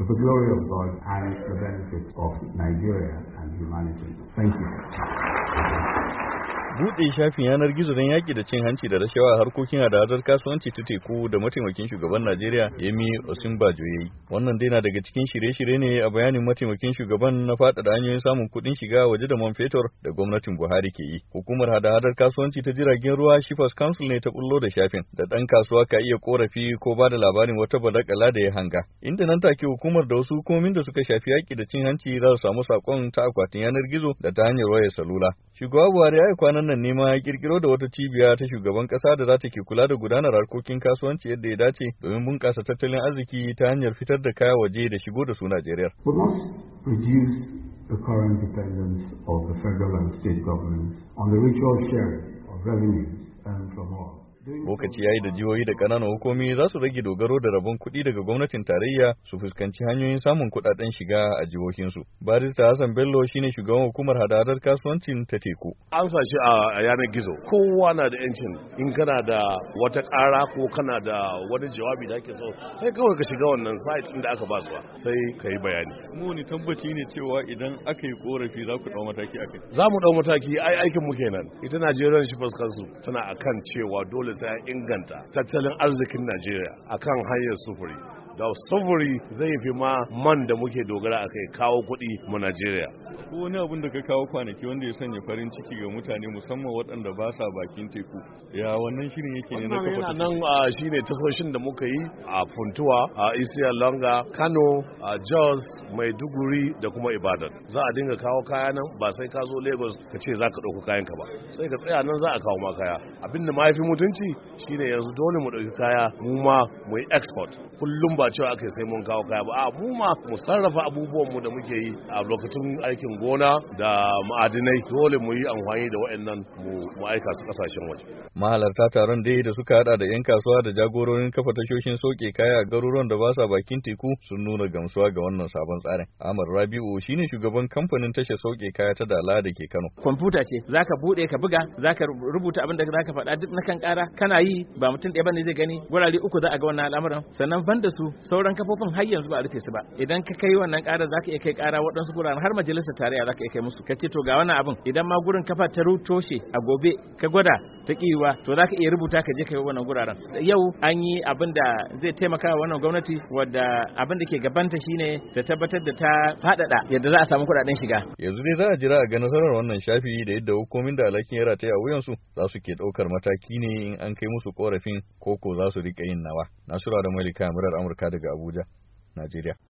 For the glory of God and the benefit of Nigeria and humanity. Thank you. buɗe shafin yanar gizo don yaƙi da cin hanci da rashawa harkokin hadadar kasuwanci ta teku da mataimakin shugaban Najeriya Yemi Osinbajo yayi. Wannan dai na daga cikin shirye-shirye ne a bayanin mataimakin shugaban na faɗaɗa hanyoyin samun kuɗin shiga waje da man fetur da gwamnatin Buhari ke yi. Hukumar hadadar kasuwanci ta jiragen ruwa Shifas Council ne ta bullo da shafin da ɗan kasuwa ka iya korafi ko ba da labarin wata balakala da ya hanga. Inda nan take hukumar da wasu hukumomin da suka shafi yaƙi da cin hanci za su samu saƙon ta akwatin yanar gizo da ta hanyar wayar salula. Shugaba Buhari ya yi kwanan nan nema ya kirkiro da wata cibiya ta shugaban kasa da za ta ke kula da gudanar harkokin kasuwanci yadda ya dace domin bunƙasa tattalin arziki ta hanyar fitar da kaya waje da shigo da su Najeriya. the Bokaci ya yi da jihohi da ƙananan hukumi za su rage dogaro da rabon kuɗi daga gwamnatin tarayya su fuskanci hanyoyin samun kuɗaɗen shiga a jihohinsu. Barista Hassan Bello shine shugaban hukumar hadadar kasuwancin ta teku. An sa a yanar gizo. Kowa na da yancin in kana da wata ƙara ko kana da wani jawabi da ake so sai kawai ka shiga wannan site inda aka ba su sai ka yi bayani. Mu ni tabbaci ne cewa idan aka yi korafi za ku ɗau mataki a kai. Za mu ɗau mataki ai aikin mu kenan. Ita Najeriya shi su tana akan cewa dole ta inganta tattalin arzikin Najeriya akan hanyar sufuri. da sufuri zai fi ma man da muke dogara a kai kawo kuɗi mu Najeriya. Ko wani abin da ka kawo kwanaki wanda ya sanya farin ciki ga mutane musamman waɗanda ba sa bakin teku. Ya wannan shirin yake ne na kafa. Wannan nan a ah, ne tasoshin da muka yi a Funtuwa, a Isiya Longa, Kano, a Jos, Maiduguri da kuma Ibadan. Za a dinga kawo kaya nan ba sai ka zo Lagos ka ce za ka ɗauko kayan ka ba. Sai ka tsaya nan za a kawo ma kaya. Abin da ma ya fi mutunci shine yanzu dole mu ɗauki kaya mu ma mu yi export. Kullum ba cewa aka sai mun kawo kaya ba mu ma mu sarrafa abubuwan mu da muke yi a lokacin aikin gona da ma'adinai dole mu yi amfani da waɗannan mu aika su kasashen waje mahalarta taron dai da suka hada da yan kasuwa da jagororin kafa tashoshin soke kaya a garuruwan da ba sa bakin teku sun nuna gamsuwa ga wannan sabon tsarin Amar Rabi'u shine shugaban kamfanin tashar sauke kaya ta Dala da ke Kano kwamfuta ce zaka bude ka buga zaka rubuta abin da zaka faɗa duk na kan kara kana yi ba mutum ɗaya bane zai gani gurare uku za a ga wannan al'amuran sannan banda su sauran kafofin har yanzu ba a rufe su ba idan ka kai wannan ƙara za ka iya kai ƙara waɗansu guraren har majalisar tarayya za ka iya kai musu ka ce to ga wani abin idan ma gurin kafa ta toshe a gobe ka gwada ta kiwa to za ka iya rubuta ka je kai wannan guraren yau an yi abin da zai taimaka wannan gwamnati wadda abin da ke gabanta shine ta tabbatar da ta fadada yadda za a samu kuɗaɗen shiga yanzu dai za a jira a ga nasarar wannan shafi da yadda hukumin da alhakin ya rataya su za su ke ɗaukar mataki ne in an kai musu korafin koko za su riƙa yin nawa nasura da malika murar amurka daga abuja najeriya